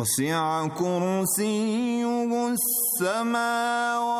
وسع كرسيه السماوات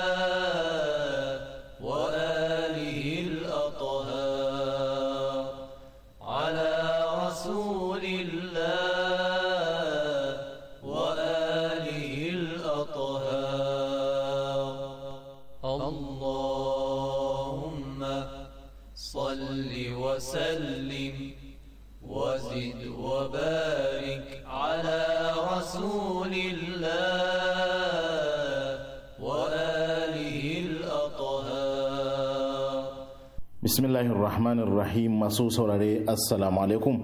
bismillahir rahmanir rahim masu saurare assalamu alaikum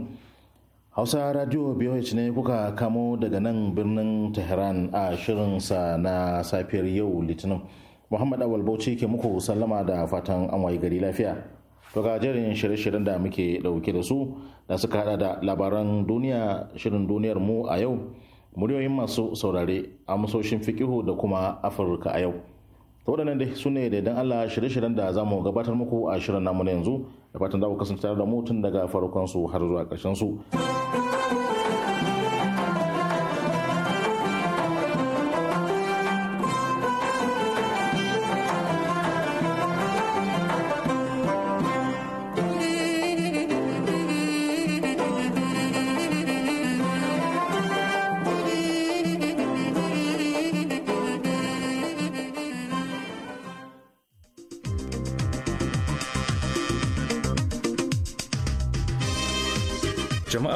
hausa radio bih ne kuka kamo daga nan birnin tehran a shirinsa na safiyar yau litinin muhammad awal bauchi ke muku sallama da fatan an wayi gari lafiya to ga jerin shirye-shiryen da muke dauke da su da suka hada da labaran duniya shirin duniyar mu a yau muryoyin masu saurare amsoshin fikihu da kuma afirka a yau to waɗannan dai su ne da idan Allah shirye-shiryen da za mu gabatar muku a shirin namu na yanzu da fatan za ku kasance tare da mu daga farkon su har zuwa ƙarshen su.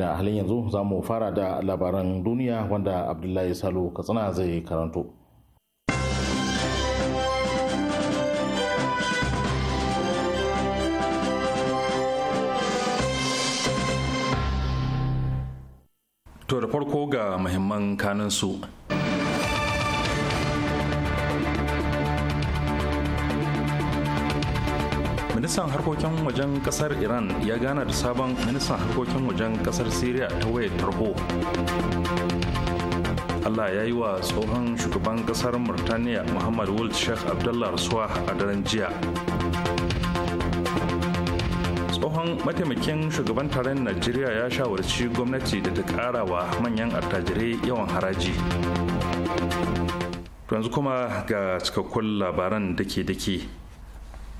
da halin yanzu za mu fara da labaran duniya wanda abdullahi salo katsina zai karanto to da farko ga muhimman kanin ministan harkokin wajen kasar iran ya gana da sabon ministan harkokin wajen kasar syria ta wayar tarho allah ya yi wa tsohon shugaban kasar murtaniya muhammad wald sheikh abdullah rasuwa a daren jiya tsohon mataimakin shugaban taron najeriya ya shawarci gwamnati da ta kara wa manyan attajirai yawan haraji yanzu kuma ga cikakkun labaran dake-dake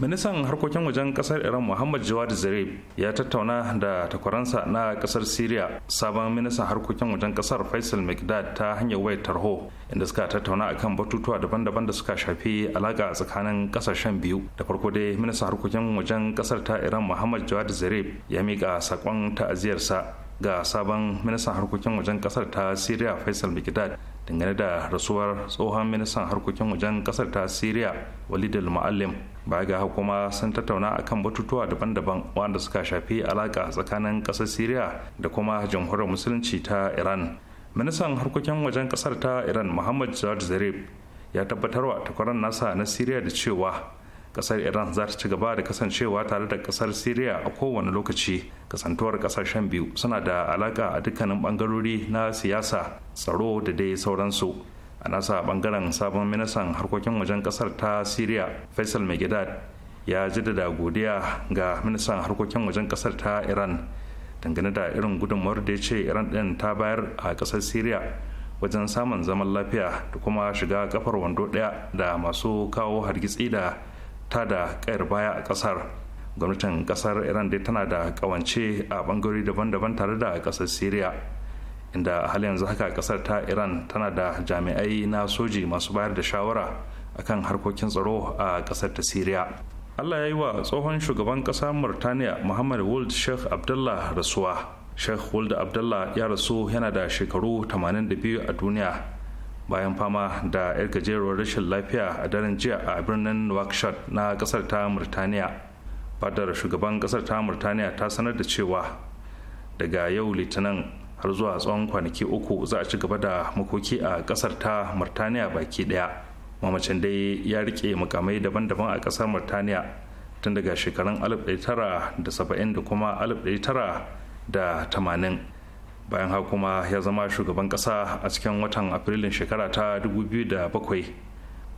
ministan harkokin wajen kasar iran muhammad jawad zarif ya tattauna da takwaransa na kasar syria sabon ministan harkokin wajen kasar faisal mcdad ta hanyar wayar tarho inda suka tattauna akan batutuwa daban-daban da suka shafi alaka tsakanin kasashen biyu da farko dai ministan harkokin wajen kasar ta iran muhammad jawad zarif ya mika sakon ta'aziyarsa ga sabon ministan harkokin wajen kasar ta syria faisal mcdad dangane da rasuwar tsohon ministan harkokin wajen kasar ta syria walid al-muallim baya ga kuma sun tattauna akan batutuwa daban-daban wanda suka shafi alaka tsakanin ƙasar syria da kuma jamhuriyar musulunci ta iran ministan harkokin wajen ƙasar ta iran muhammad zawad zarif ya tabbatarwa takwaran nasa na syria da cewa ƙasar iran za ta ci gaba da kasancewa tare da ƙasar syria a kowane lokaci kasantuwar ƙasashen biyu suna da alaka a dukkanin bangarori na siyasa tsaro da dai sauransu a nasa bangaren sabon ministan harkokin wajen kasar ta syria faisal megidad ya jaddada godiya ga ministan harkokin wajen kasar ta iran dangane da irin gudunmawar da ya ce iran din ta bayar a kasar syria wajen samun zaman lafiya da kuma shiga kafar wando daya da masu kawo hargitsi da ta da kayar baya a kasar gwamnatin kasar iran dai tana da kawance a bangarori daban-daban tare da kasar syria inda a hal yanzu haka kasar ta iran tana da jami'ai na soji masu bayar da shawara akan harkokin tsaro a kasar ta siriya allah ya yi wa tsohon shugaban kasa murtaniya muhammad wold sheikh abdullah rasuwa sheikh wold abdullah ya rasu yana da shekaru 82 a duniya bayan fama da yar gajeruwar rashin lafiya a daren jiya a birnin nouakchott na kasar ta murtaniya fadar shugaban kasar ta murtaniya ta sanar da cewa daga yau litinin har zuwa tsawon kwanaki uku za a ci gaba da makoki a kasar ta martaniya baki daya mamacin dai ya rike mukamai daban-daban a kasar martaniya tun daga shekarun 1970 da kuma 1980 bayan haka kuma ya zama shugaban kasa a cikin watan afrilun shekara ta 2007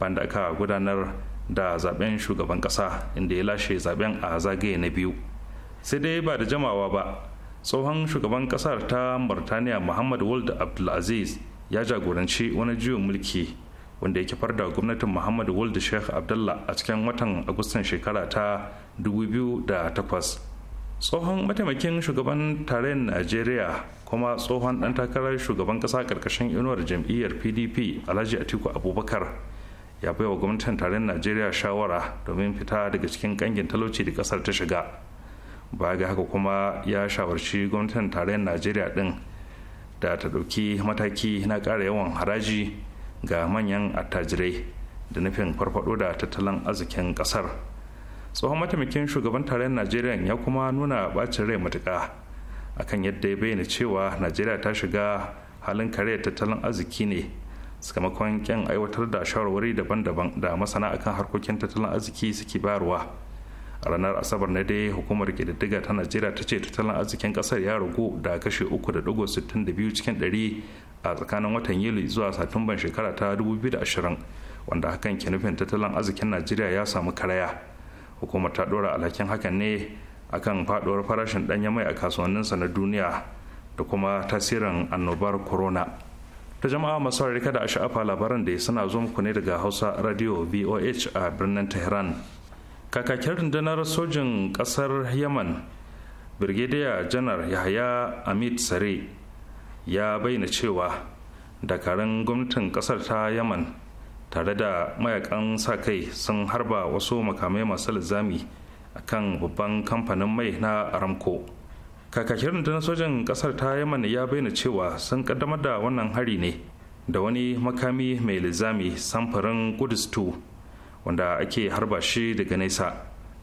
banda aka gudanar da zaben shugaban kasa inda ya lashe zaben a zagaye na biyu sai dai ba da jamawa ba tsohon shugaban kasar ta murtaniya muhammad wald abdulaziz ya jagoranci wani juyin mulki wanda ya kifar da gwamnatin muhammad wald sheikh abdullah a cikin watan agustan shekara ta 2008 tsohon mataimakin shugaban tarayyar najeriya kuma tsohon ɗan takarar shugaban ƙasa karkashin inuwar jam'iyyar pdp alhaji atiku abubakar ya baiwa gwamnatin tarayyar najeriya shawara domin fita daga cikin kangin talauci da ƙasar ta shiga ba ga haka kuma ya shawarci gwamnatin tarayyar najeriya din da ta ɗauki mataki na ƙara yawan haraji ga manyan attajirai da nufin farfado da tattalin arzikin ƙasar tsohon mataimakin shugaban tarayyar najeriya ya kuma nuna bacin rai matuƙa akan yadda ya bayyana cewa najeriya ta shiga halin kare tattalin arziki ne sakamakon kyan aiwatar da shawarwari daban-daban da masana akan harkokin tattalin arziki suke bayarwa a ranar asabar na dai hukumar kididdiga ta najeriya ta ce tattalin arzikin kasar ya ragu da kashe 3.62 cikin 100 a tsakanin watan yuli zuwa satumban shekara ta 2020 wanda hakan ke nufin tattalin arzikin najeriya ya samu karaya hukumar ta dora alhakin hakan ne akan faduwar farashin danyen mai a kasuwanninsa na duniya da kuma tasirin annobar corona ta jama'a masu da a sha'afa labaran da suna zo muku ne daga hausa radio voh a birnin tehran kakakin rundunar sojin ƙasar yaman birgidiya janar yahaya amit sare ya bayyana cewa dakarun gwamnatin ƙasar ta yaman tare da mayakan sa kai sun harba wasu makamai masu lizami a kan babban kamfanin mai na aramco kakakin rundunar sojin kasar ta yaman ya bayyana cewa sun kaddamar da wannan hari ne da wani makami mai lizami samfurin kudus 2 wanda ake harba shi daga nesa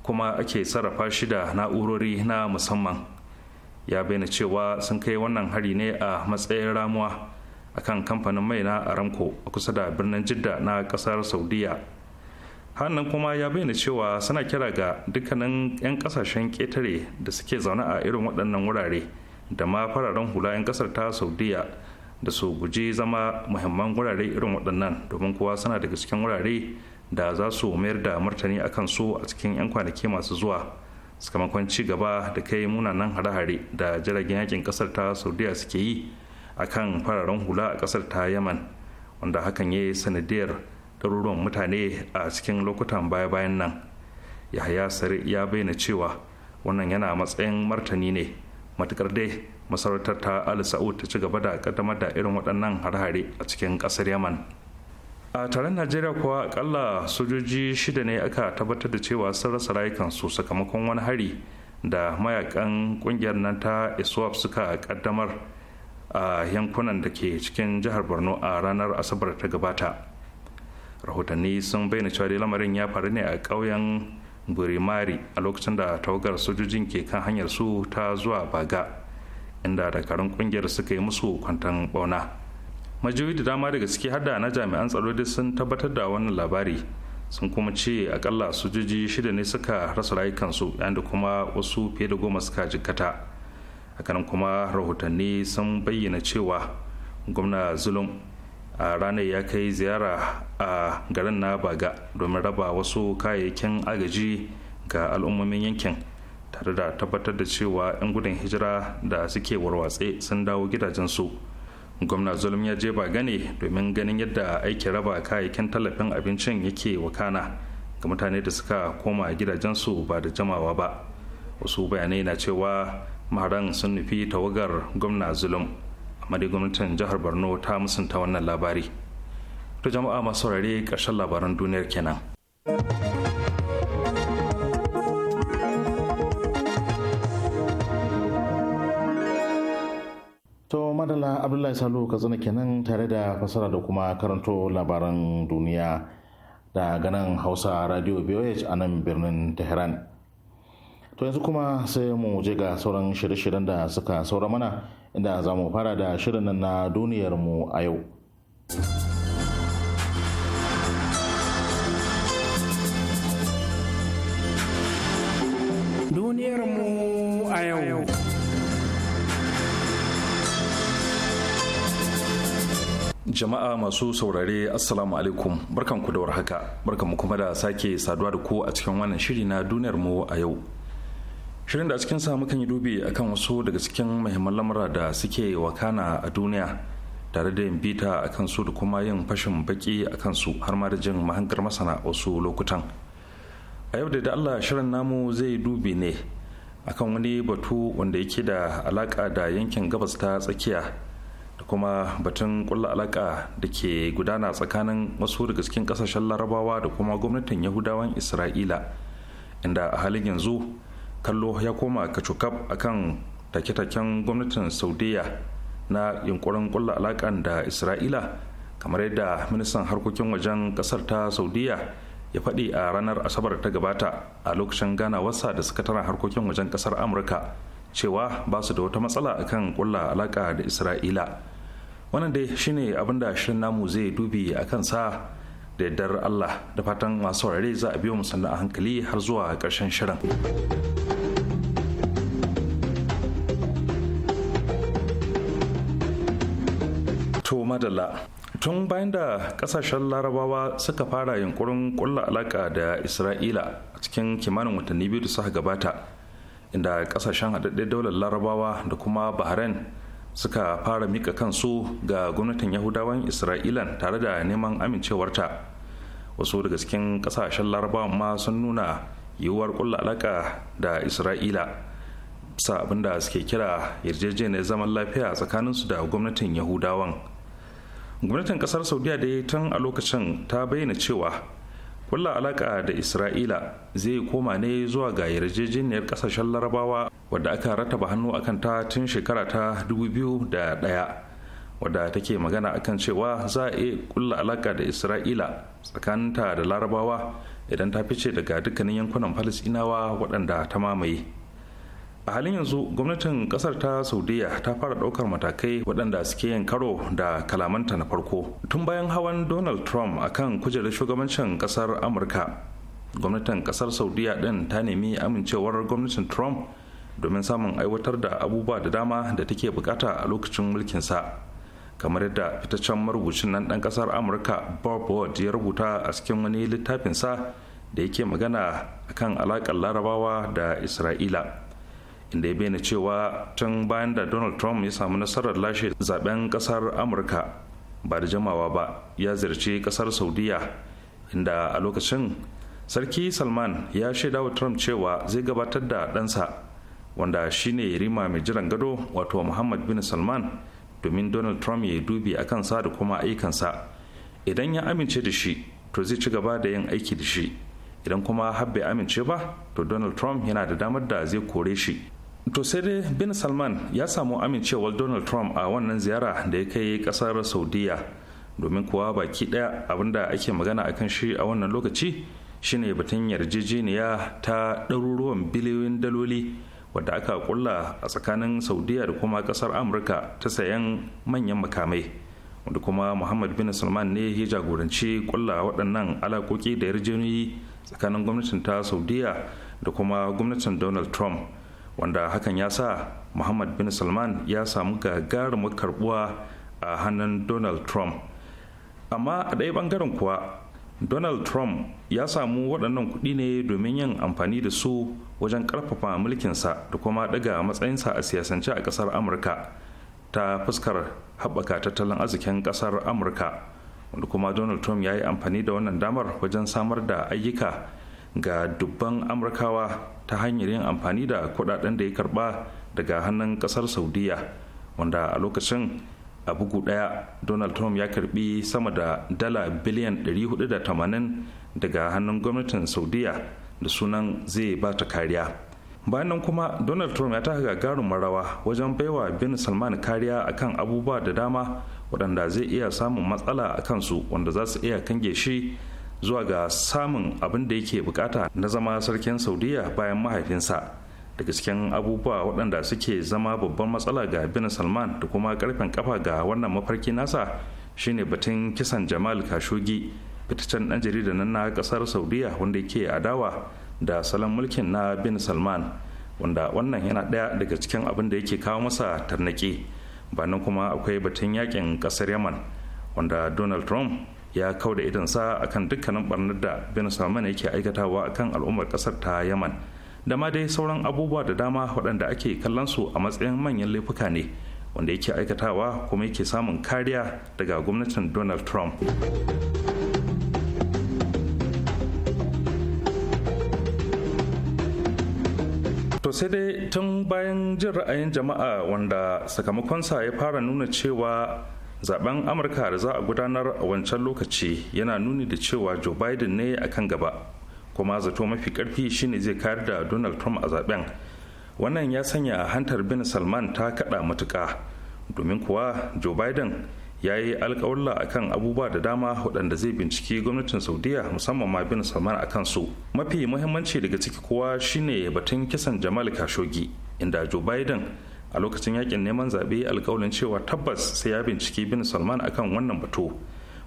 kuma ake sarrafa shi da na'urori na musamman ya bayyana cewa sun kai wannan hari ne a matsayin ramuwa akan kamfanin mai na aramco a kusa da birnin jidda na kasar saudiya hannun kuma ya bayyana cewa suna kira ga dukkanin 'yan kasashen ƙetare da suke zaune a irin waɗannan wurare da ma fararen hula 'yan kasar ta saudiya da su guji zama muhimman wurare irin waɗannan domin kowa suna daga cikin wurare da za su mayar da martani akan su a cikin 'yan kwanaki masu zuwa sakamakon ci gaba da kai munanan hare-hare da jiragen yakin kasar ta saudiya suke yi a kan fararen hula a kasar ta yaman wanda hakan ya yi sanadiyar ɗaruruwan mutane a cikin lokutan baya-bayan nan yahaya sare ya bayyana cewa wannan yana matsayin martani ne matukar dai masarautar ta al ta ci gaba da kaddamar da irin waɗannan hare-hare a cikin ƙasar yaman a taron najeriya kuwa akalla sojoji shida ne aka tabbatar da cewa sun rasa rayukansu sakamakon wani hari da mayakan kungiyar nan ta iswap e suka kaddamar a yankunan da ke cikin jihar borno a ranar asabar ta gabata rahotanni sun bayyana cewa lamarin ya faru ne a ƙauyen burimari a lokacin da tawagar sojojin ke kan hanyar su ta zuwa baga inda dakarun kungiyar suka yi musu kwantan bauna majiyoyi da dama daga suke har da na jami'an tsaro da sun tabbatar da wannan labari sun kuma ce akalla sojoji shida ne suka rasa rayukansu yayin da kuma wasu fiye da goma suka jikkata hakanan kuma rahotanni sun bayyana cewa gwamna zulum a ranar ya kai ziyara a garin na baga domin raba wasu kayayyakin agaji ga al'ummomin yankin tare da tabbatar da cewa 'yan gudun hijira da suke warwatse sun dawo gidajensu gwamna zulum ya je ba gane domin ganin yadda aikin raba kayayyakin tallafin abincin yake wakana ga mutane da suka koma gidajensu ba da jamawa ba wasu bayanai na cewa maharan sun nufi tawagar gwamna zulum amma dai gwamnatin jihar borno ta musunta wannan labari ta jama'a masu saurari karshen labaran duniyar kenan. madala abdullahi salo katsina kenan tare da fasara da kuma karanto labaran duniya da ganin hausa radio voh a nan birnin tehran to yanzu kuma sai mu je ga sauran shirye-shiryen da suka saura mana inda za mu fara da shirin nan na duniyarmu a yau duniyarmu a yau Jama'a masu saurare Assalamu alaikum barkanku da warhaka barkanmu kuma da sake saduwa da ku a cikin wannan shiri na duniyar mu a yau. Shirin da a cikin sa mukan yi dubi akan wasu daga cikin muhimman lamura da suke wakana a duniya tare da yin bita akan su da kuma yin fashin baki akan su har ma da jin mahangar masana wasu lokutan. A yau da Allah shirin namu zai dubi ne akan wani batu wanda yake da alaka da yankin gabas ta tsakiya da kuma batun kulla alaka da ke gudana tsakanin wasu daga cikin kasashen larabawa da kuma gwamnatin yahudawan isra'ila inda a halin yanzu kallo ya koma kacukab kan take-taken gwamnatin saudiya na yunkurin kulla alakan da isra'ila kamar yadda ministan harkokin wajen kasar ta saudiya ya faɗi a ranar asabar ta gabata a lokacin ganawarsa da sakataren harkokin wajen kasar amurka cewa ba su da wata matsala akan kulla alaƙa da isra'ila wannan dai shine abin da shirin namu zai dubi a kansa da yardar allah da fatan masu saurari za a biyo mu sannan a hankali har zuwa ƙarshen shirin to tun bayan da kasashen larabawa suka fara yunkurin kulla alaka da isra'ila a cikin kimanin watanni biyu da suka gabata inda kasashen haɗaɗɗen daular larabawa da kuma bahrain suka fara mika kansu ga gwamnatin yahudawan isra'ilan tare da neman amincewarta wasu daga cikin kasashen larabawan ma sun nuna yiwuwar kulla alaka da isra'ila sa abinda suke kira yarjejeniyar zaman lafiya tsakaninsu da gwamnatin yahudawan gwamnatin kasar saudiya dai tun a lokacin ta bayyana cewa kulla alaka da isra'ila zai koma ne zuwa ga yarjejeniyar kasashen larabawa wadda aka rataba hannu akan ta tun shekara ta dubu biyu da 2001 wadda take magana akan cewa za a iya kulla alaka da isra'ila tsakaninta da larabawa idan ta fice daga dukkanin yankunan falasinawa waɗanda ta mamaye a halin yanzu gwamnatin kasar ta saudiya ta fara daukar matakai waɗanda suke yin karo da kalamanta na farko tun bayan hawan donald trump akan kujerar shugabancin kasar amurka gwamnatin kasar saudiya din ta nemi amincewar gwamnatin trump domin samun aiwatar da abubuwa da dama da take bukata a lokacin mulkinsa kamar yadda fitaccen marubucin nan ɗan ƙasar amurka bob ward ya rubuta a cikin wani littafinsa da yake magana akan alaƙar larabawa da isra'ila inda ya bayyana cewa tun bayan da donald trump ya samu nasarar lashe zaben kasar amurka ba da jamawa ba ya ziyarci kasar saudiya inda a lokacin sarki salman ya shaida wa trump cewa zai gabatar da ɗansa wanda shine rima mai jiran gado wato muhammad bin salman domin donald trump ya dubi a kansa da kuma aikansa idan ya amince da shi to zai ci gaba da yin aiki da shi idan kuma har bai amince ba to donald trump yana da damar da zai kore shi to sai dai bin salman ya samu amincewar donald trump a wannan ziyara da ya kai kasar saudiya domin kuwa baki daya abinda ake magana akan shi a wannan lokaci shine batun yarjejeniya ta ɗaruruwan biliyoyin daloli wadda aka kulla a tsakanin saudiya da kuma kasar amurka ta sayan manyan makamai wanda kuma muhammad bin salman ne ya jagoranci kulla waɗannan alaƙoƙi da yarjejeniyoyi tsakanin gwamnatin ta saudiya da kuma gwamnatin donald trump wanda hakan ya sa muhammad bin salman ya samu gagarin karbuwa a hannun donald trump amma a ɗaya ɓangaren kuwa donald trump ya samu waɗannan kuɗi ne domin yin amfani da su wajen ƙarfafa mulkinsa da kuma ɗaga matsayinsa a siyasance a ƙasar amurka ta fuskar haɓaka tattalin arzikin ƙasar amurka wanda kuma donald trump ya yi amfani da wannan damar wajen samar da ayyuka ga dubban amurkawa ta hanyar yin amfani da kudaden da ya karba daga hannun kasar saudiya wanda a lokacin a bugu daya donald trump ya karbi sama da dala biliyan 480 daga hannun gwamnatin saudiya da sunan zai ba ta kariya bayan kuma donald trump ya taka gagarin marawa wajen baiwa bin salman kariya akan abubuwa da dama waɗanda zai iya samun matsala a kansu wanda za su iya kange shi zuwa ga samun abin da yake bukata na zama sarkin saudiya bayan mahaifinsa daga cikin abubuwa waɗanda suke zama babban matsala ga bin salman da kuma karfin kafa ga wannan mafarki nasa shine batun kisan jamal kashogi fitaccen ɗan jarida nan na ƙasar saudiya wanda yake adawa da salon mulkin na bin salman wanda wannan yana ɗaya daga cikin abin da yake kawo masa tarnaƙi banan kuma akwai batun yakin ƙasar yaman wanda donald trump ya kau da idansa akan dukkanin barnar da bin salman yake aikatawa akan al'ummar kasar ta yaman da ma dai sauran abubuwa da dama waɗanda ake kallon su a matsayin manyan laifuka ne wanda yake aikatawa kuma yake samun kariya daga gwamnatin donald trump to sai dai tun bayan jin ra'ayin jama'a wanda sakamakonsa ya fara nuna cewa zaben amurka da za a gudanar a wancan lokaci yana nuni da cewa joe biden ne a kan gaba kuma zato mafi karfi shine zai kayar da donald trump a zaben wannan ya sanya hantar bin salman ta kada matuka domin kuwa joe biden ya yi alkawalla akan abubuwa da dama waɗanda zai binciki gwamnatin saudiya musamman ma bin salman a kansu mafi muhimmanci daga ciki kuwa shine batun kisan jamal kashogi inda joe biden a lokacin yakin neman zaɓe alkawalin cewa tabbas sai ya bincike bin salman akan wannan batu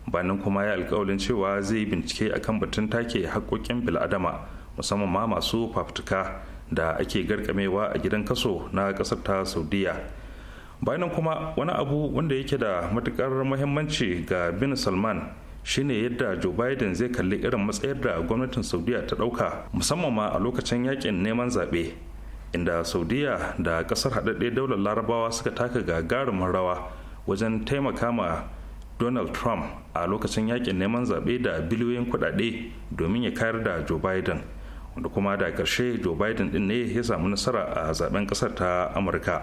bayanan kuma ya alkawalin cewa zai bincike akan batun take haƙƙoƙin bil'adama musamman ma masu fafutuka da ake garkamewa a gidan kaso na ƙasar ta saudiya bayanan kuma wani abu wanda yake da matukar muhimmanci ga bin salman shine yadda joe biden zai kalli irin matsayar da gwamnatin saudiya ta ɗauka musamman ma a lokacin yakin neman zaɓe inda saudiya da kasar haɗaɗɗe daular larabawa suka taka gagarumin rawa wajen taimaka ma donald trump a lokacin yakin neman zaɓe da biliyoyin kuɗaɗe domin ya kayar da joe biden wanda kuma da ƙarshe joe biden ɗin ne ya samu nasara a zaben ƙasar ta amurka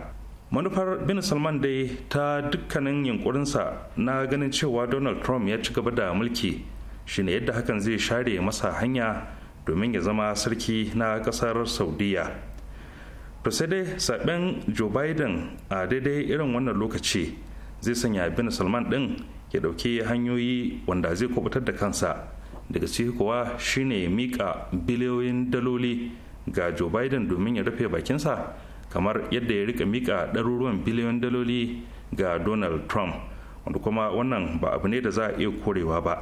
manufar bin salman dai ta dukkanin yunkurinsa na ganin cewa donald trump ya ci gaba da mulki shine yadda hakan zai share masa hanya domin ya zama sarki na ƙasar saudiya to sai dai zaben joe biden a daidai irin wannan lokaci zai sanya bin salman din ya dauki hanyoyi wanda zai kubutar da kansa daga ciki kuwa shine ya mika biliyoyin daloli ga joe biden domin ya rufe bakinsa kamar yadda ya rika mika ɗaruruwan biliyon daloli ga donald trump wanda kuma wannan ba abu ne da za a iya korewa ba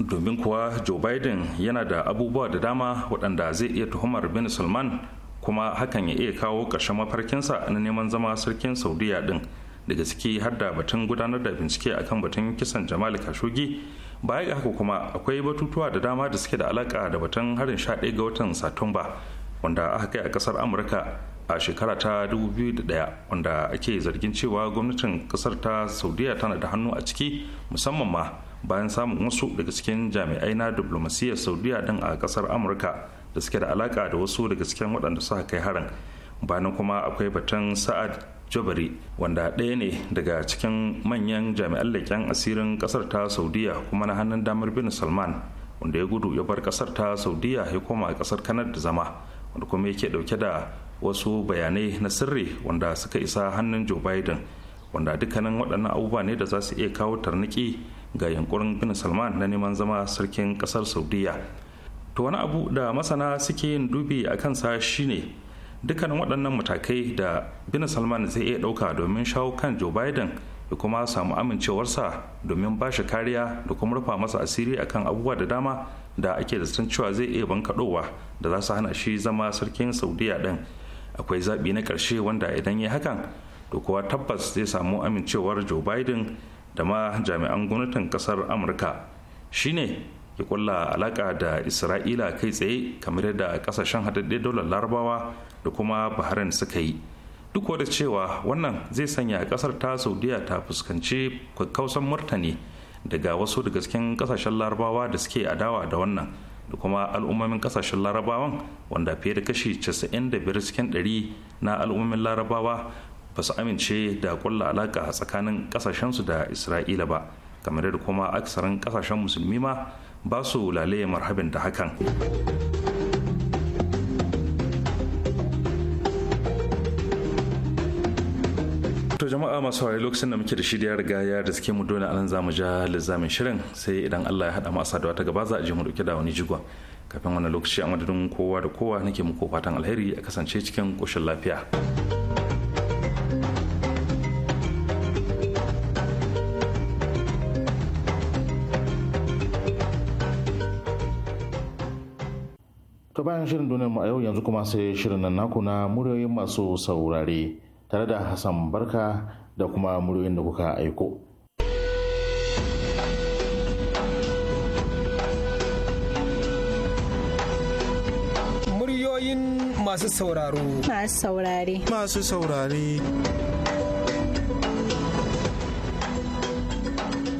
domin kuwa joe biden yana da abubuwa da dama waɗanda zai iya tuhumar bin salman kuma hakan ya iya kawo ƙarshen mafarkinsa na neman zama sarkin saudiya din daga ciki har da batun gudanar da bincike akan batun kisan jamal kashogi baya ga haka kuma akwai batutuwa da dama da suke da alaka da batun harin 11 ga watan satumba wanda aka kai a kasar amurka a shekara ta 2001 wanda ake zargin cewa gwamnatin kasar ta saudiya tana da hannu a ciki musamman ma bayan samun wasu daga cikin jami'ai na diplomasiyyar saudiya din a ƙasar amurka da suke da alaka da wasu daga cikin waɗanda suka kai harin bayan kuma akwai batun sa'ad jabari wanda ɗaya ne daga cikin manyan jami'an leƙen asirin ƙasar ta saudiya kuma na hannun damar bin salman wanda ya gudu ya bar ƙasar ta saudiya ya koma ƙasar kanar da zama wanda kuma yake ɗauke da wasu bayanai na sirri wanda suka isa hannun joe biden wanda dukkanin waɗannan abubuwa ne da za su iya kawo tarniki ga yankurin bin salman na neman zama sarkin ƙasar saudiya to wani abu da masana suke yin dubi a kansa shine dukkanin waɗannan matakai da bin salman zai iya ɗauka domin shawo kan joe biden da kuma samu amincewarsa domin ba shi kariya da kuma rufa masa asiri akan abubuwa da dama da ake da cewa zai iya bankaɗowa da za su hana shi zama sarkin saudiya ɗin akwai zaɓi na ƙarshe wanda idan ya hakan to kuwa tabbas zai samu amincewar joe biden da ma jami'an gwamnatin ƙasar amurka shine ya kulla alaka da isra'ila kai tsaye kamar yadda kasashen haɗaɗɗen daular larabawa da kuma baharin suka yi duk da cewa wannan zai sanya kasar ta saudiya ta fuskanci kakkausan martani daga wasu daga cikin kasashen larabawa da suke adawa da wannan da kuma al'ummomin kasashen larabawan wanda fiye da kashi 95 cikin 100 na al'ummomin larabawa ba su amince da kulla alaka tsakanin kasashensu da isra'ila ba kamar da kuma aksarin kasashen musulmi ma ba su lale marhabin da hakan to jama'a masu hawaye lokacin da muke da shi da ya riga ya da suke mu dole anan mu ja lizamin shirin sai idan Allah ya hada mu asadawa ta gaba za a je mu dauke da wani jigon kafin wannan lokaci a madadin kowa da kowa nake muku fatan alheri a kasance cikin koshin lafiya bayan shirin duniyar mu a yau yanzu kuma sai shirin nan naku na muryoyin masu saurare tare da Hassan Barka da kuma muryoyin da kuka aiko. Muryoyin masu sauraro. Masu saurare. Masu saurare.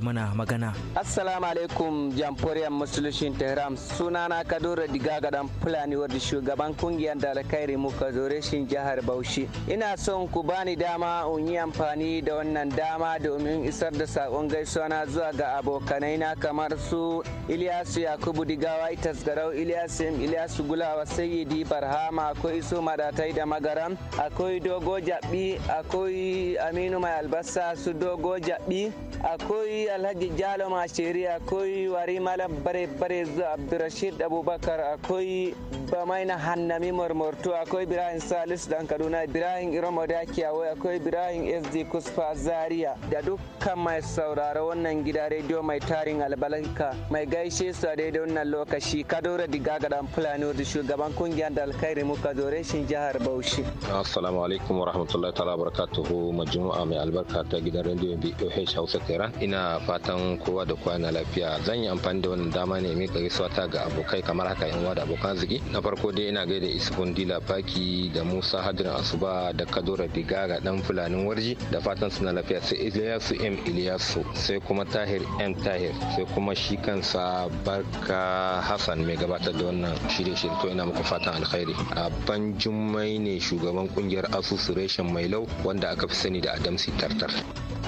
yi mana magana. Assalamu alaikum jamforiyar musulushin Tehran sunana Kadura Diga gadan Fulani wadda shugaban kungiyar dalakai Remuka Zoreshin jihar Bauchi. Ina son ku bani dama in yi amfani da wannan dama domin isar da sakon gaisuwa na zuwa ga abokanai na kamar su Ilyasu Yakubu Digawa Itas Garau Ilyasu Ilyasu Gulawa Sayyidi Barhama akwai Iso Madatai da Magaram akwai Dogo Jabi akwai Aminu Mai Albasa su Dogo Jabi akwai alhaji jalo mashiri akwai wari malam bare bare zuwa abdurashid abubakar akwai bamaina hannami marmarto akwai ibrahim Salisu dan kaduna ibrahim iromo dakiyawai akwai ibrahim sd kusfa zaria da dukkan mai sauraro wannan gida rediyo mai tarin albarka, mai gaishe su a daidai wannan lokaci kadora diga gadan fulani da shugaban kungiyar da alkhairi muka zo shin jihar bauchi assalamu alaikum wa rahmatullahi ta'ala barakatuhu majmu'a mai albarka ta gidan rediyo ohe hausa kera ina fatan kowa da kowa na lafiya zan yi amfani da wannan dama ne mika gaisuwa ta ga abokai kamar haka yan uwa da abokan ziki na farko dai ina gaida isufun dila faki da musa hadirin asuba da kadora digaga dan fulanin warji da fatan su na lafiya sai iliyasu m iliyasu sai kuma tahir m tahir sai kuma shi kansa barka hassan mai gabatar da wannan shirye shirye to ina muku fatan alkhairi a ban jummai ne shugaban kungiyar asusu reshen mailau wanda aka fi sani da adamsi tartar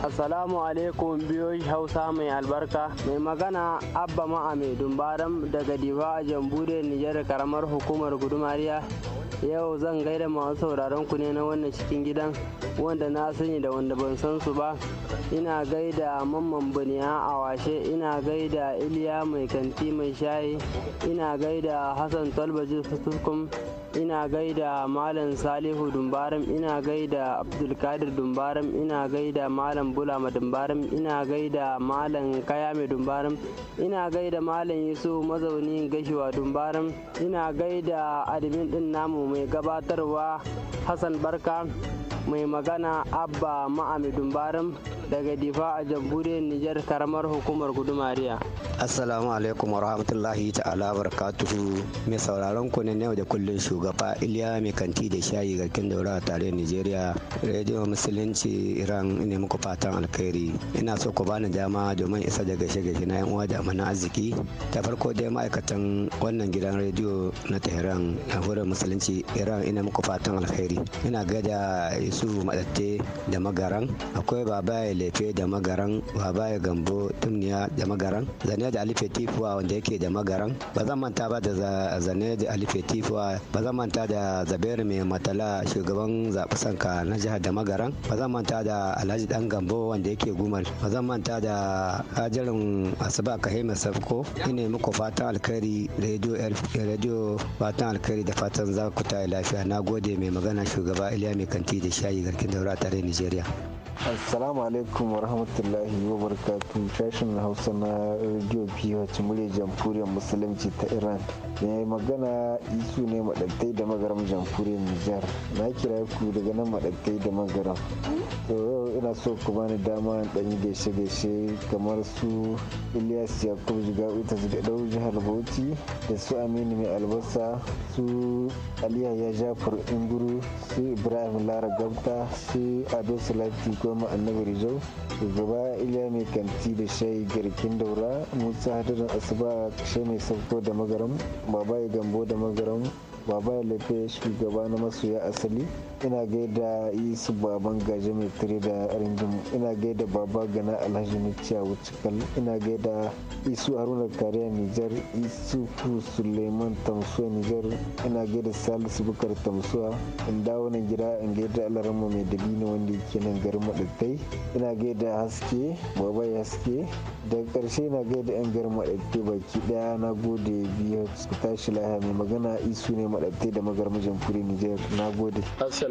assalamu alaikum biyoyi hausa mai albarka mai magana abba Ma'ame dumbaram daga diba a jambude nijar karamar hukumar gudumariya yau zan gaida masu sauraron ku ne na wannan cikin gidan wanda na sani da wanda ban san su ba ina gaida mamman buniya a washe ina gaida iliya mai kanti mai shayi ina gaida hassan talbaji tukum ina gaida malam salihu dumbaram ina gaida abdulkadir dumbaram ina gaida malam bulama dumbaram ina gaida malam kayame dumbaram ina gaida malam yusuf mazaunin gashiwa dumbaram ina gaida admin din namu mai gabatarwa hassan barka mai magana abba ma'ami dumbaram daga difa a jamhuriyar nijar karamar hukumar gudumariya Assalamu alaikum wa rahmatullahi ta'ala barakatuhu mai sauraron ku ne yau da kullun shugaba Iliya mai kanti da shayi garkin daura tare Nigeria Radio Musulunci Iran ne muku fatan alkhairi ina so ku bani dama domin isa da gashe gashe na yan uwa da amana arziki ta farko dai ma'aikatan wannan gidan radio na Tehran Jamhuriyar Musulunci Iran ina muku fatan alkhairi ina gada isu Madatte da magaran akwai babaye lefe da magaran babaye gambo tumniya da magaran zane da ali wanda yake da magaran ba zan manta ba da zane da ali ba zan manta da zaberi mai matala shugaban zaɓi sanka na jihar da magaran ba zan manta da alhaji dan gambo wanda yake gumar ba zan manta da hajarin asuba kahima safko ina muku fatan alkhairi radio fatan alkhairi da fatan za ku ta lafiya na gode mai magana shugaba iliya mai kanti da shayi garkin daura tare nigeria assalamu alaikum wa rahmatullahi wa barkatu! sashen hausa na radio wacce murya jamhuriyar musulunci ta iran mai magana isu ne madattai da magaram jamhuriyar nijar na kira ku daga nan madattai da magaram to yau ina so ku bani dama dan yi gaishe gaishe kamar su ilyas yakub ita ta dau jihar bauchi da su aminu mai albasa su aliya ya jafar inguru su ibrahim lara gabta su ado salati goma annabi rijau shugaba iliya mai kanti da shai garkin daura musa hadarin asuba kashe mai sauko da magaram baba gambo da magaram baba ya lafiya shugaba na masoya asali ina gaida isu baban gaji mai tire da ringin ina gaida baba gana alhaji nuciya wucikal ina gaida isu haruna kariya nijar isu suleiman tamsuwa nijar ina gaida salisu bukar tamsuwa in dawo nan gida in gaida alarama mai dabino wanda yake nan garin maɗattai ina gaida haske baba haske daga ƙarshe ina gaida yan garin maɗattai baki ɗaya na gode biyu su tashi lahiya mai magana isu ne maɗattai da magarmajin fure nijar na gode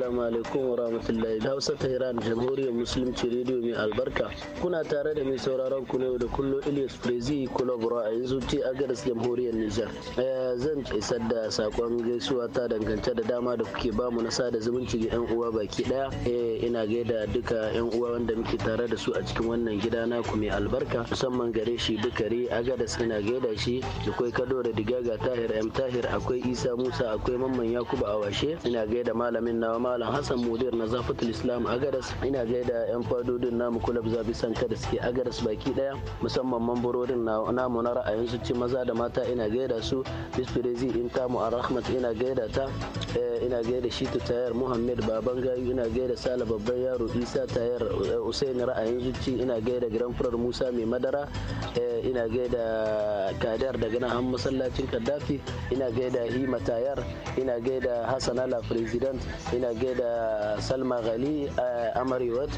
assalamu alaikum wa rahmatullahi da hausa ta iran jamhuriyar musulunci rediyo mai albarka kuna tare da mai sauraron ku yau da kullum ilyas prezi kulabura a yanzu ce agadas jamhuriyar nijar eh, zan isar da sakon gaisuwa ta dangance da dama da kuke bamu na sada zumunci ga yan uwa baki ɗaya. Eh, ina gaida duka yan uwa wanda muke tare da su a cikin wannan gida na ku mai albarka musamman gare shi dukare agadas ina gaida shi da kai kado da digaga tahir m tahir akwai isa musa akwai mamman yakubu awashe ina gaida malamin nawa Malam Hassan Mudir na Zafatul Islam Agadas ina gaida yan fadodin namu kulab zabi sanka da suke Agadas baki daya musamman mamburorin namu na ra'ayin su ci maza da mata ina gaida su Bisfirezi in tamu a rahmat ina gaida ta eh, ina gaida shi ta tayar Muhammad Baban Gayu ina gaida Sala babban yaro Isa tayar eh, Usain ra'ayin ci ina gaida Grand Musa mai madara eh, ina gaida Kadar daga nan masallacin Kaddafi ina gaida Hima tayar ina gaida Hassan Ala President ina gaida salma ghali a amarewat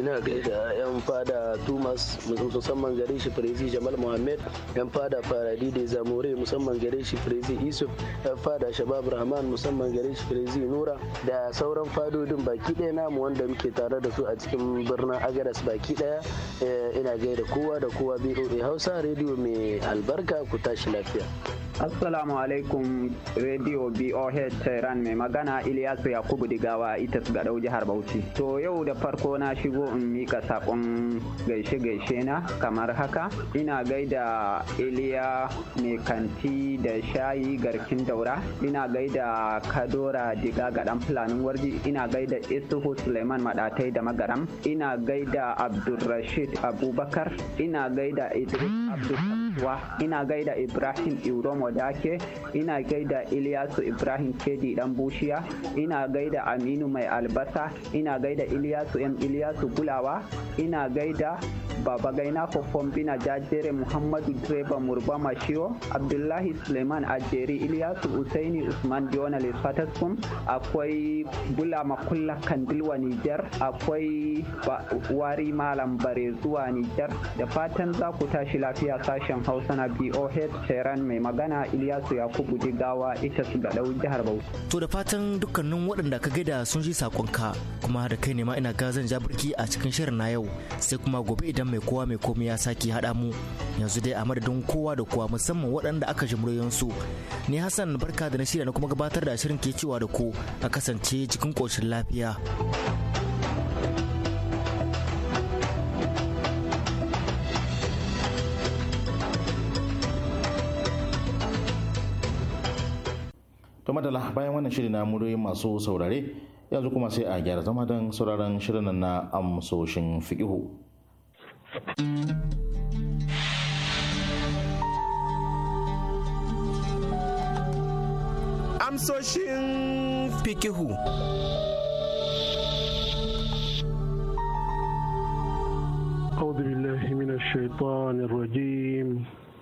ina gaida yan fada tumas musamman gare shi firizi jamal muhammed yan fada faradi da zamore musamman gare shi firizi isuf yan fada shabab rahman musamman gare shi firizi nura da sauran fadodin baki ɗaya namu wanda muke tare da su a cikin birnin agaras baki ɗaya eh, ina gaida kowa da kowa biyu hausa rediyo mai albarka ku tashi lafiya. Assalamu alaikum Radio BOH Tehran mai magana Ilyasu Yakubu Digawa Itas Gadau jihar Bauchi. To yau da farko na shigo in mika sakon gaishe-gaishe na kamar haka. Ina gaida Iliya mai kanti da shayi garkin daura. Ina gaida Kadora Diga gadan fulanin warji. Ina gaida Isuhu Suleiman Madatai da Magaram. Ina gaida Abdulrashid Abubakar. Ina gaida Idris Abdul ina gaida ibrahim iromo dake ina gaida iliyasu ibrahim kedi dan bushiya ina gaida aminu mai albasa ina gaida iliyasu m iliyasu bulawa ina gaida baba gaina kofon bina jajere muhammadu direba murba mashiyo abdullahi suleiman ajeri iliyasu usaini usman jona lesfataskum akwai bula makulla kandilwa nijar akwai wari malam bare zuwa nijar da fatan za ku tashi lafiya sashen sashen hausa na boh tehran mai magana ilyasu yakubu digawa ita su ga jihar bauchi to da fatan dukkanin waɗanda ka gaida sun ji sakonka kuma da kai ne ma ina ga gazan jabirki a cikin shirin na yau sai kuma gobe idan mai kowa mai komai ya sake haɗa mu yanzu dai a madadin kowa da kowa musamman waɗanda aka ji muryoyinsu ni hassan barka da na shirya na kuma gabatar da shirin ke cewa da ku a kasance cikin koshin lafiya. to madala bayan wannan shiri na muryoyin masu saurare yanzu kuma sai a gyara zama don sauraron shirin na amsoshin fikihu amsoshin fikihu أعوذ الشيطان الرجيم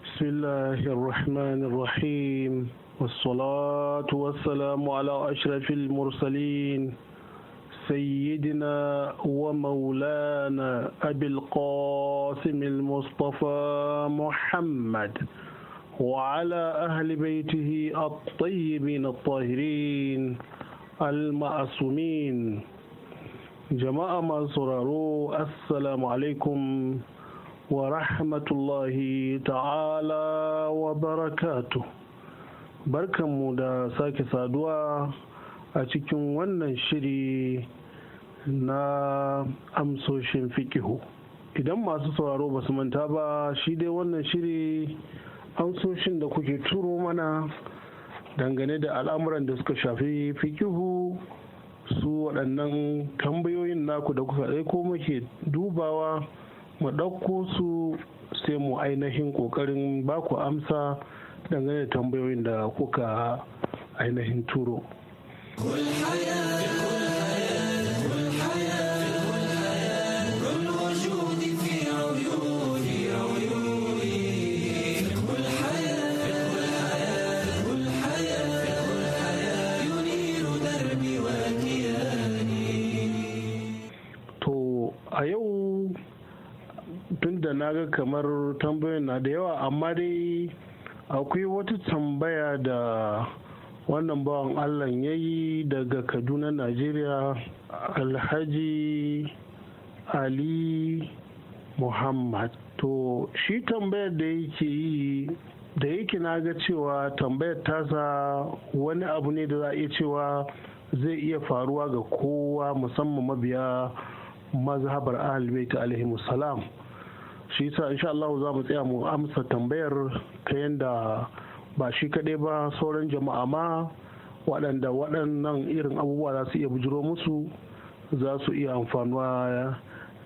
بسم والصلاة والسلام على أشرف المرسلين سيدنا ومولانا أبي القاسم المصطفى محمد وعلى أهل بيته الطيبين الطاهرين المعصومين جماعة ما السلام عليكم ورحمة الله تعالى وبركاته barkanmu da sake saduwa a cikin wannan shiri na amsoshin fikihu idan masu sauraro ba su manta ba shi dai wannan shiri amsoshin da kuke turo mana dangane da al'amuran da suka shafi fikihu su waɗannan tambayoyin naku da kuka aiko muke dubawa mu ɗauko su sai mu ainihin ƙoƙarin baku amsa dangane da tambayoyin da kuka ainihin turo. a yau tun da na ga kamar tambayoyin na da yawa amma dai akwai wata tambaya da wannan bawan allah ya yi daga kaduna najeriya alhaji ali muhammad to shi tambayar da yake yi da yake na ga cewa tambayar tasa wani abu ne da za a iya cewa zai iya faruwa ga kowa musamman mabiya mazhabar ahalbaita alaihi salam shi yasa insha Allah za mu tsaya mu amsa tambayar ta yadda ba shi kaɗai ba sauran jama'a ma waɗanda waɗannan irin abubuwa za su iya bujiro musu za su iya amfanuwa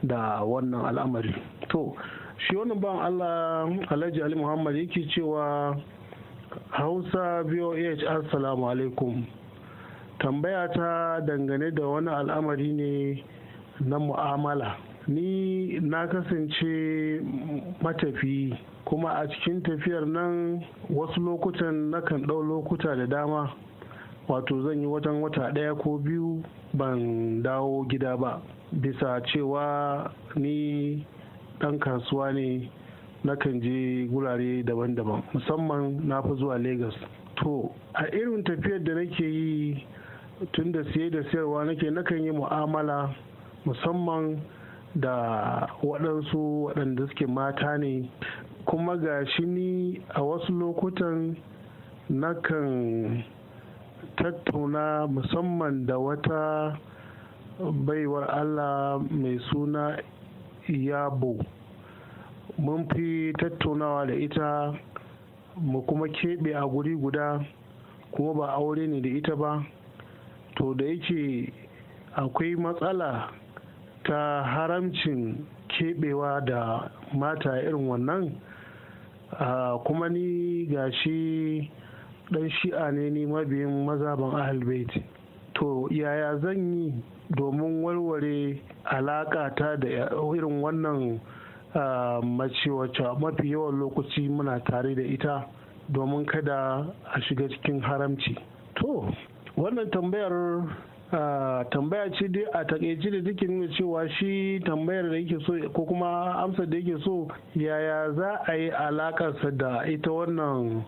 da wannan al'amari to shi wani ban allah alhaji ali muhammad yake cewa hausa voh assalamu alaikum tambaya ta dangane da wani al'amari ne na mu'amala ni na kasance matafi kuma a cikin tafiyar nan wasu lokutan na kan ɗau lokuta da dama wato zan yi wajen wata ɗaya ko biyu ban dawo gida ba bisa cewa ni ɗan kasuwa ne na kan je gurare daban-daban musamman na fi zuwa lagos to a irin tafiyar da nake yi tun da siye da siyarwa nake nakan yi mu'amala musamman da waɗansu waɗanda suke mata ne kuma ga shi ni a wasu lokutan na kan tattauna musamman da wata baiwar allah mai suna yabo mun fi tattaunawa da ita mu kuma keɓe a guri guda kuma ba aure ne da ita ba to da yake akwai matsala ta haramcin keɓewa da mata irin wannan kuma ni gashi ɗan shi'a ne ni mabiyin mazaban bait to yaya zan yi domin warware alaƙa ta da irin wannan mace wacce mafi yawan lokaci muna tare da ita domin kada a shiga cikin haramci to wannan tambayar Ah, tambaya ce dai a takaice da take nuna cewa shi tambayar da yake so ko kuma amsar da yake so yaya za a yi alakarsa da ita wannan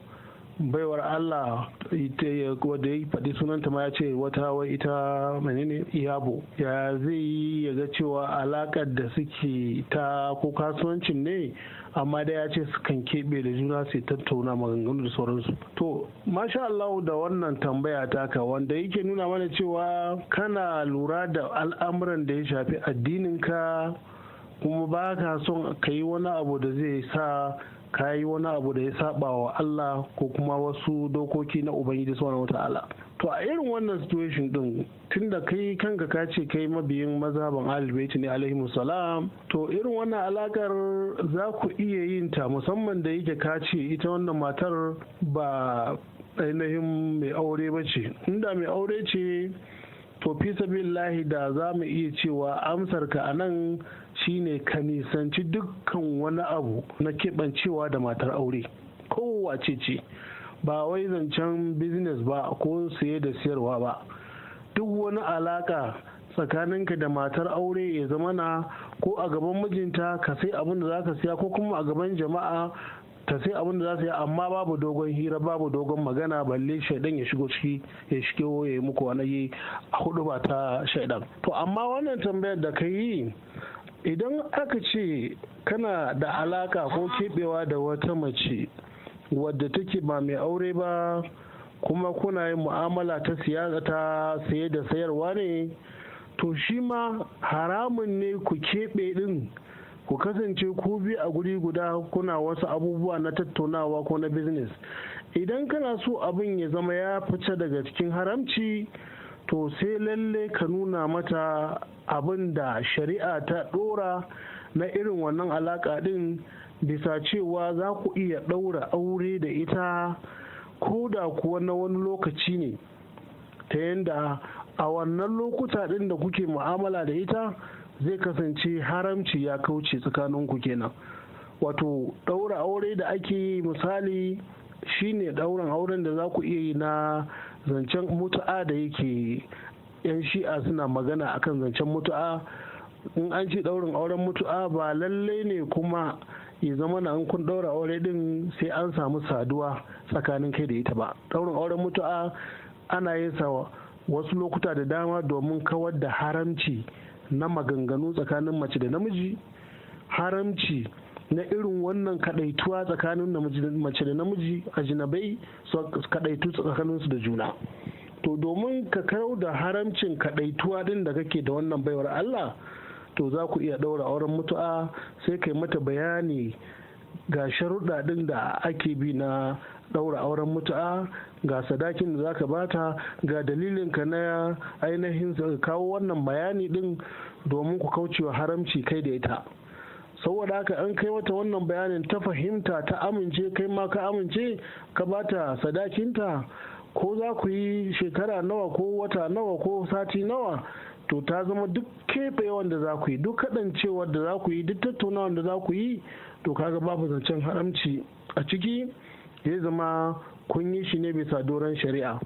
baiwar Allah ita ya da ya faɗi sunanta ma ya ce wata wai ita menene iyabo ya zai yi ya ga cewa alakar da suke ta ko kasuwancin ne amma da ya ce su kan keɓe da juna su tattauna maganganu da sauransu to masha Allah da wannan tambaya taka wanda yake nuna mana cewa kana lura da al'amuran da ya shafi addininka kuma ba ka son ka yi wani abu da zai sa ka yi wani abu da ya saba wa Allah ko kuma wasu dokoki na Ubangiji wata wata'ala to a irin wannan situation din tunda kai kanka ka ce kai mabiyin mazhaban alibaiti ne alaihi salam to irin wannan alakar za ku iya yin ta musamman da yake ka ce ita wannan matar ba ainihin mai aure ba ce inda mai aure ce to fi sabillahi da za mu iya cewa amsar ka anan shine ka nisanci dukkan wani abu na keɓancewa da matar aure kowace ce ba wai zancen business ba ko siye da siyarwa ba duk wani alaka tsakaninka da matar aure ya zama na ko a gaban mijinta ka sai abin da za ka siya ko kuma a gaban jama'a ta sai abin da za su yi amma babu dogon hira babu dogon magana balle shaidan ya shigo ciki ya shigo ya yi muku wani a hudu ba ta shaidan to amma wannan tambayar da ka yi idan aka ce kana da alaka ko keɓewa da wata mace wadda take ba mai aure ba kuma kuna yin mu'amala ta siyasa ta saye da sayarwa ne to shi ma haramun ne ku keɓe ɗin ku kasance ku bi a guri guda kuna wasu abubuwa na tattaunawa ko na business idan kana so abin ya zama ya fice daga cikin haramci to sai lalle ka nuna mata abin da shari'a ta ɗora na irin wannan alaƙa ɗin bisa cewa za ku iya ɗaura aure da ita ko da kuwa na wani lokaci ne ta yadda a wannan lokuta ɗin da kuke mu'amala da ita zai kasance haramci ya kauce tsakanin ku kenan wato ɗaura aure da ake yi misali shine ɗauran auren da za ku iya yi na zancen mutu'a da yake 'yan shi'a suna magana akan zancen mutu'a in an ce ɗaurin auren mutu'a ba lallai ne kuma ya zama na kun ɗaura aure din sai an samu saduwa tsakanin kai da ita ba ɗaurin auren mutu'a ana yin sa wasu lokuta da dama domin kawar da haramci na maganganu tsakanin mace da namiji haramci na irin wannan kadaituwa tsakanin mace da namiji a jinabai su kadaitu tsakaninsu da juna to domin ka karau da haramcin kadaituwa din da kake da wannan baiwar Allah to za ku iya ɗaura auren mutu'a sai kai mata bayani ga sharuɗa ɗin da ake bi na ɗaura auren mutu'a ga sadakin da za zaka bata ga dalilin ka na ainihin kawo wannan bayani ɗin domin ku kaucewa haramci kai da ita saboda haka an kai wata wannan bayanin ta fahimta ta amince kai ma ka amince ka bata sadakinta ko za ku yi shekara nawa ko wata nawa ko sati nawa to ta zama duk keɓe wanda za ku yi duk cewa da za ku yi duk tattaunawar da za ku yi to kaga babu zancen haramci a ciki ya zama kun yi shi ne bisa doron shari'a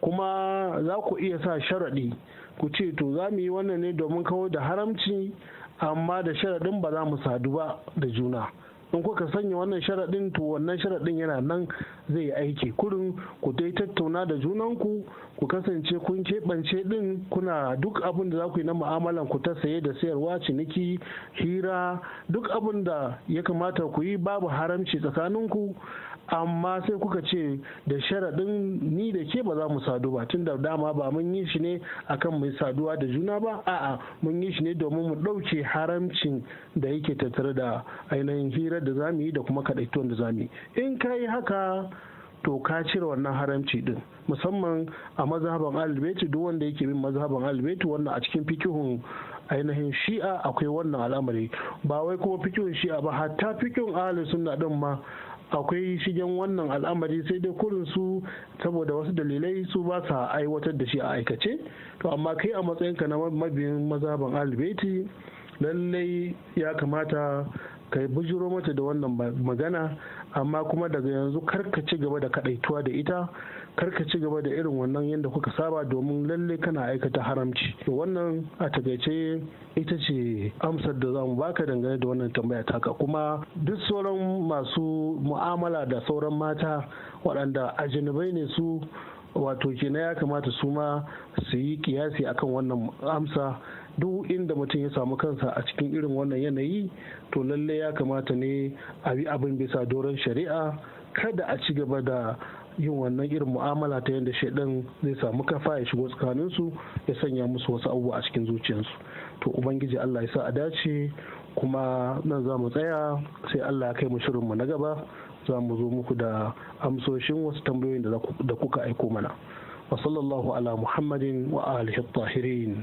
kuma za ku iya sa sharaɗi ku ce to za mu yi wannan ne domin kawo da haramci amma da sharaɗin ba za mu sadu ba da juna in kuka sanya wannan sharaɗin to wannan sharaɗin yana nan zai aiki kurin ku dai tattauna da junanku ku kasance kun keɓance ɗin kuna duk abin da za ku yi na mu'amalan ku ta saye da sayarwa ciniki hira duk abin da ya kamata ku yi babu haramci tsakaninku amma sai kuka ce da sharaɗin ni da ke ba za mu sadu ba tun da dama ba mun yi shi ne akan mai saduwa da juna ba a'a mun yi shi ne domin mu ɗauke haramcin da yake tattare da ainihin hirar da za mu yi da kuma kaɗaituwan da za mu yi in ka yi haka to ka cire wannan haramci din musamman a mazhaban albeti duk wanda yake bin mazhaban albeti wannan a cikin fikihun ainihin shi'a akwai wannan al'amari ba wai kuma fikihun shi'a ba hatta fikihun ahlus sunna din ma akwai shigen wannan al'amari sai dai kurin su saboda wasu dalilai su ba sa aiwatar da shi a aikace to amma kai a matsayinka na mabiyin mazaban albeti lallai ya kamata ka bujiro mata da wannan magana amma kuma daga yanzu kar ka ci gaba da kadaituwa da ita karka ci gaba da irin wannan yadda kuka saba domin lalle kana aikata haramci to wannan a takaice ita ce amsar da zamu baka dangane da wannan tambaya taka kuma duk sauran masu mu'amala da sauran mata waɗanda ajinabai ne su wato kenan ya kamata su ma su yi kiyasi akan wannan amsa duk inda mutum ya samu kansa a cikin irin wannan yanayi to lalle ya kamata ne a bi abin bisa doron shari'a kada a ci gaba da yin wannan irin mu'amala ta yadda shaidan zai samu kafa ya shigo tsakaninsu ya sanya musu wasu abubuwa a cikin zuciyarsu to ubangiji allah ya sa a dace kuma nan za mu tsaya sai allah ya kai mu shirinmu na gaba za mu zo muku da amsoshin wasu tambayoyin da kuka aiko mana wa sallallahu ala muhammadin wa alihi tahirin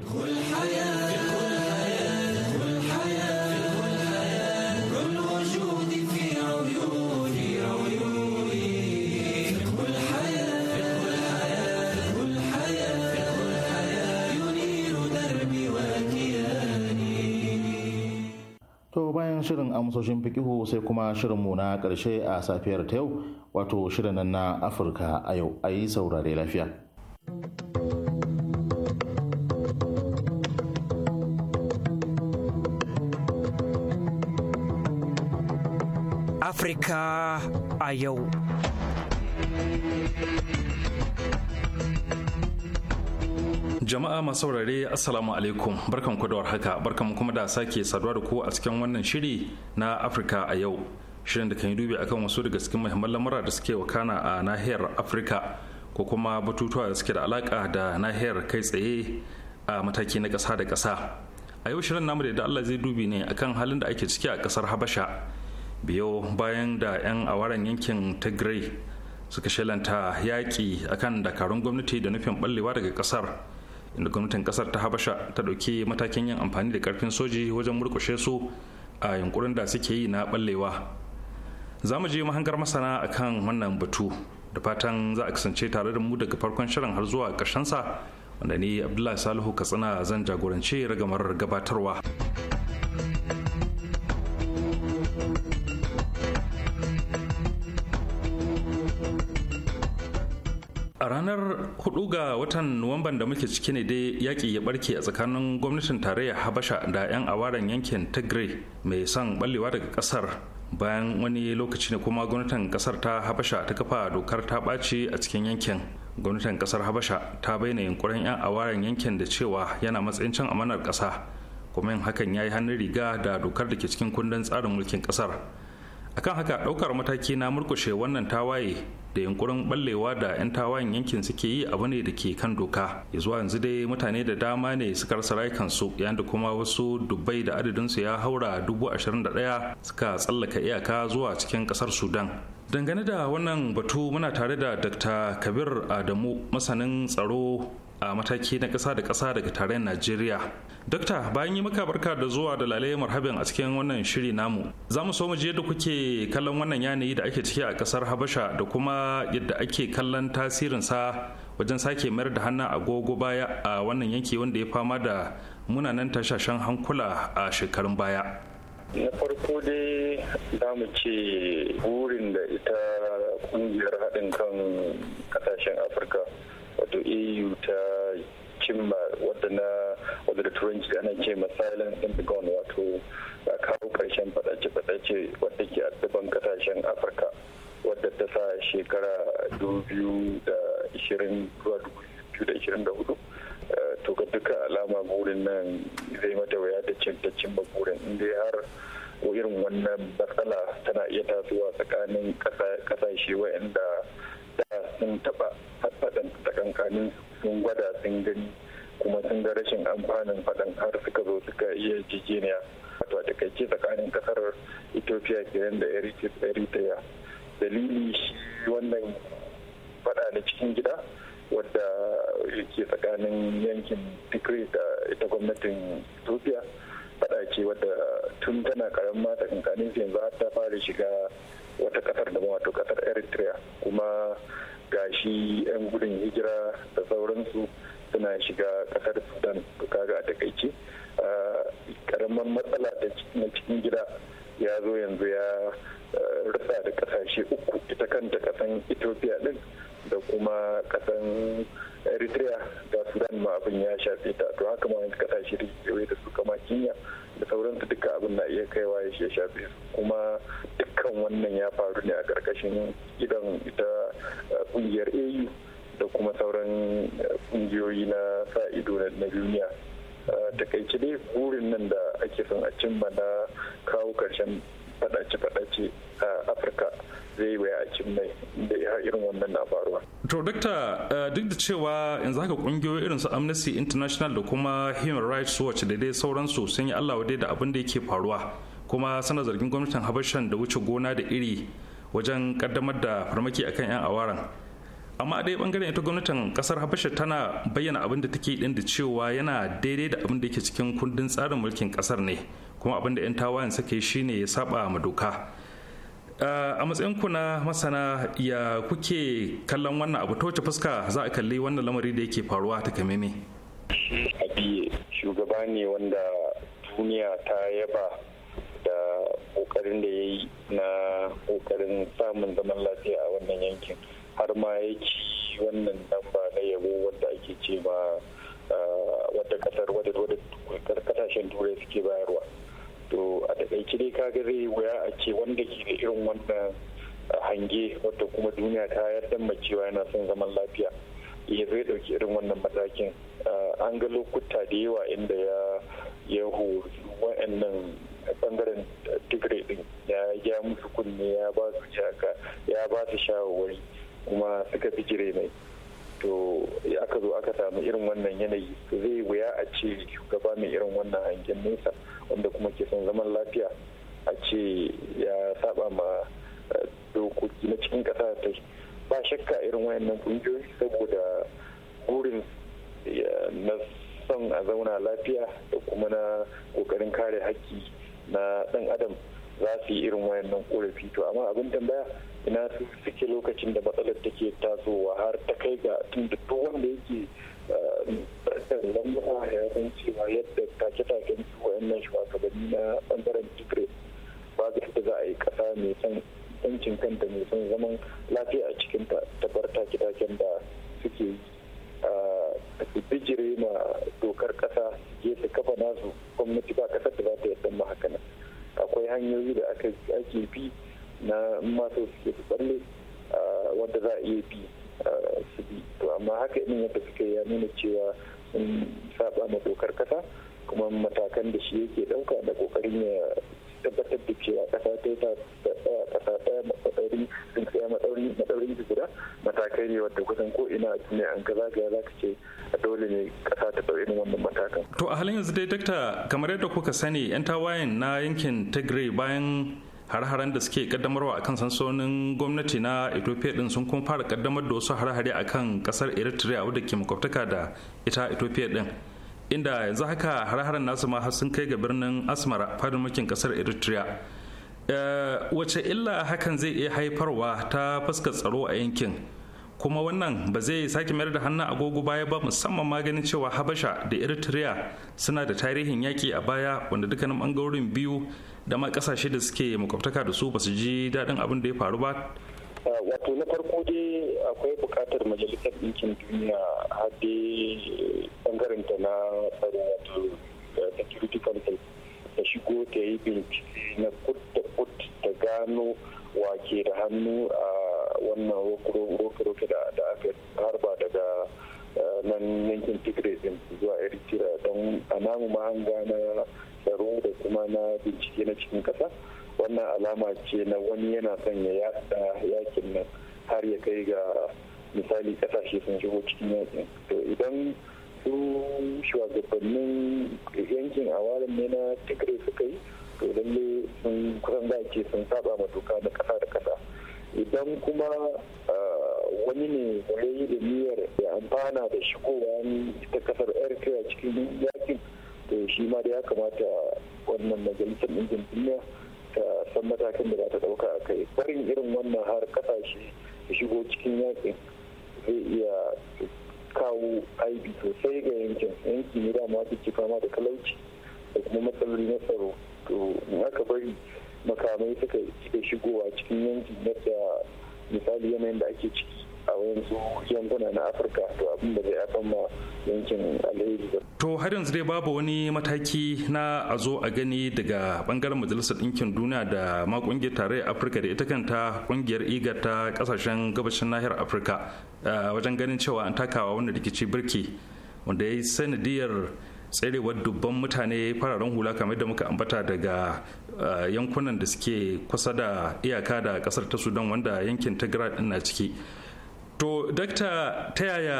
shirin amsoshin fikihu sai kuma shirinmu na ƙarshe a safiyar ta yau wato shirin nan na afirka a yau a yi saurare lafiya afirka a yau Jama'a masu saurare Assalamu alaikum barkan ku da warhaka barkan kuma da sake saduwa da ku a cikin wannan shiri na Afirka a yau. Shirin da kan yi dubi akan wasu daga cikin muhimman lamura da suke wakana a nahiyar Afirka ko kuma batutuwa da suke da alaka da nahiyar kai tsaye a mataki na kasa da kasa A yau shirin namu da Allah zai dubi ne akan halin da ake ciki a kasar Habasha. Biyo bayan da 'yan awaren yankin Tigray suka shelanta yaƙi akan dakarun gwamnati da nufin ɓallewa daga kasar inda gwamnatin kasar ta habasha ta ɗauki matakin yin amfani da karfin soji wajen murkushe su a yunkurin da suke yi na ballewa za mu je mahangar masana akan wannan batu da fatan za a kasance tare da mu daga farkon shirin har zuwa sa wanda ni abdullahi salihu katsina zan jagorance ragamar gabatarwa. ranar 4 ga watan nuwamban da muke ciki ne dai yaƙi ya barke a tsakanin gwamnatin tarayyar habasha da 'yan awaren yankin tigray mai son ballewa daga ƙasar bayan wani lokaci ne kuma gwamnatin ƙasar ta habasha ta kafa dokar ta ɓaci a cikin yankin gwamnatin ƙasar habasha ta bayyana yunkurin 'yan awaren yankin da cewa yana matsayin cin amanar ƙasa kuma yin hakan ya yi hannun riga da dokar da ke cikin kundin tsarin mulkin ƙasar akan haka ɗaukar mataki na murkushe wannan tawaye da yunkurin ballewa da 'yan tawayen yankin suke yi abu ne da ke kan doka ya zuwa yanzu dai mutane da dama ne suka rasa rayukansu yayin da kuma wasu dubbai da adadin su ya haura dubu ashirin da ɗaya suka tsallaka iyaka zuwa cikin ƙasar sudan dangane da wannan batu muna tare da dr kabir adamu masanin tsaro a mataki na ƙasa da ƙasa daga tarayyar najeriya dokta bayan yi maka barka da zuwa da lalai marhaban a cikin wannan shiri namu za mu so mu je da kuke kallon wannan yanayi da ake ciki a ƙasar habasha da kuma yadda ake kallon tasirin sa wajen sake mayar da hannun agogo baya a wannan yanki wanda ya fama da munanan tashashen hankula a shekarun baya na farko dai za mu ce burin da ita ƙungiyar haɗin kan ƙasashen afirka wato eu ta cimma wadda na wadda da turanci ana ce silence in the gone wato kawo karshen fadace-fadace wadda ke addaban kasashen afirka wadda ta sa shekara 2024 eh, to ga duka alama burin nan zai mata waya da cin cimma burin inda har irin wannan matsala tana iya tasowa tsakanin kasashe waɗanda da sun taɓa faɗan tsakankanin sun gwada sun gani kuma sun ga rashin amfanin faɗan har suka zo suka iya jijiniya wato a takaice tsakanin kasar ethiopia kenan da eritrea dalili shi wannan faɗa na cikin gida wadda ke tsakanin yankin tigray da ita gwamnatin ethiopia faɗa ce wadda tun tana karamma tsakankanin yanzu har ta fara shiga wata kasar da wato kasar eritrea kuma gashi 'yan gudun hijira da sauransu suna shiga kasar sudan kaga a takaice karamar matsala na cikin gida ya zo yanzu ya rasa da kasashe uku ita kanta kasan ethiopia din da kuma kasan eritrea da sudan ma abin ya shafe ta to haka ma wani kasashe da da su kama kenya da sauransu duka abin na iya kaiwa ya shafe kuma dukkan wannan ya faru ne a ƙarƙashin gidan ita eh, ƙungiyar au da kuma sauran eh, ƙungiyoyi na sa ido na duniya eh, takaice dai burin nan da ake son a cimma na kawo karshen faɗace-faɗace a afirka zai waya a cikin mai da ya irin wannan na faruwa. To dakta eh, duk da cewa yanzu haka kungiyoyi irin su Amnesty International da kuma Human Rights Watch da dai sauransu sun yi Allah wadai da abin da yake faruwa kuma sana zargin gwamnatin Habashan da wuce gona da iri wajen kaddamar da farmaki akan 'yan awaran. amma a ɗaya bangaren ita gwamnatin kasar habasha tana bayyana abin da take din da cewa yana daidai da abin da yake cikin kundin tsarin mulkin kasar ne kuma abin da 'yan tawayen suka yi shine ya saba ma doka Eh, a matsayin ku na masana ya kuke kallon wannan abu ta wace fuska za a kalli wannan lamari da yake faruwa ta kame ne abiye shugaba ne wanda duniya ta yaba da kokarin da ya yi na kokarin samun zaman lafiya a wannan yankin har ma ya ci wannan damba na yabo wanda ake ce ma eh, wadda kasar wadda kasashen turai suke bayarwa to a takaice dai ka zai waya a ce wanda ke da irin wannan hange wadda kuma duniya ta yarda cewa yana son zaman lafiya ya zai dauki irin wannan matakin an ga lokuta da yawa inda ya ya hori wa'annan bangaren tigre din ya ya musu kunne ya ba su ya ba su shawarwari kuma suka fi jire mai to aka zo aka samu irin wannan yanayi zai wuya a ce shugaba mai irin wannan hangen nesa wanda kuma ke son zaman lafiya a ce ya saba ma eh, dokoki na cikin kasa ta ba shakka irin wayannan kungiyoyi saboda burin na son a zauna lafiya da kuma na kokarin kare haƙƙi na ɗan adam za su yi irin wayannan korafi to amma abin tambaya ina su suke lokacin da matsalar take tasowa har ta kai ga tun da duk wanda yake ɗan eh, lamura ya san cewa yadda take take su wa'annan shugabanni na ɓangaren tigre ba za da za a yi ƙasa mai son ɗancin kanta mai son zaman lafiya a cikin ta bar take take da suke yi eh, su bijire ma dokar ƙasa je su kafa nasu gwamnati ba ƙasar da za ta yadda ma haka nan akwai hanyoyi da ake bi na mata suke su tsalle wanda za a iya bi su bi to amma haka in yadda suka ya nuna cewa sun saba ma dokar kasa kuma matakan da shi yake dauka da kokarin ya tabbatar da cewa kasa ta kasa ta matsauri sun tsaya matsauri matsauri su guda matakai ne wadda kusan ko ina a an ga zagaya za ka ce a dole ne kasa ta ɗau irin wannan matakan. to a halin yanzu dai dakta kamar yadda kuka sani yan tawayen na yankin tigray bayan har-haren da suke kaddamarwa akan sansonin gwamnati na ethiopia din sun kuma fara kaddamar da wasu har-hare kan kasar eritrea wadda ke makwabtaka da ita ethiopia din inda yanzu haka har-haren nasu ma sun kai ga birnin asmara fadin mulkin kasar eritrea eh, wace illa hakan zai iya haifarwa ta fuskar tsaro a yankin kuma wannan ba zai sake mayar da hannun agogo baya ba musamman maganin cewa habasha da eritrea suna da tarihin yaƙi a baya wanda dukkanin ɓangarorin biyu da ma kasashe da suke makwabtaka da su ba su ji daɗin abin da ya faru ba eh, wato na farko dai akwai buƙatar majalisar ɗinkin duniya har dai ta na tsaro wato security council ta shigo ta yi bincike na kut da kut ta gano wake da hannu a wannan roke-roke da aka harba daga eh, nan yankin tigray din zuwa eritrea don a namu ma an na tsaro da kuma na bincike na cikin ƙasa wannan alama ce na wani yana son ya yaɗa yakin nan har ya kai ga misali kasashe sun shigo cikin yakin to idan su shugabannin yankin warin ne na tigre suka yi to lalle sun kusan za ce sun saba ma doka na ƙasa da kasa idan kuma wani ne ya yi da niyyar ya amfana da shigowa ta kasar eritrea cikin yakin to shi ma da ya kamata wannan majalisar ɗinkin duniya ta san matakin da za ta ɗauka a kai barin irin wannan har ƙasashe da shigo cikin yakin zai iya kawo ib sosai ga yankin yanki ne da masu ci fama da talauci da kuma matsaloli na tsaro to in aka bari makamai suka shigowa cikin yankin yadda misali yanayin da ake ciki a wasu yankuna na afirka to abin da zai afan ma yankin alheri to har yanzu dai babu wani mataki na a zo a gani daga bangaren majalisar ɗinkin duniya da ma kungiyar tarayyar afirka da ita kanta kungiyar igar ta kasashen gabashin nahiyar afirka eh, wajen ganin cewa an takawa wanda rikici birki wanda ya yi sanadiyar tserewar dubban mutane fararen hula kamar da muka ambata daga eh, yankunan da suke kusa da iyaka da kasar ta sudan wanda yankin tigray na ciki to dakta ta yaya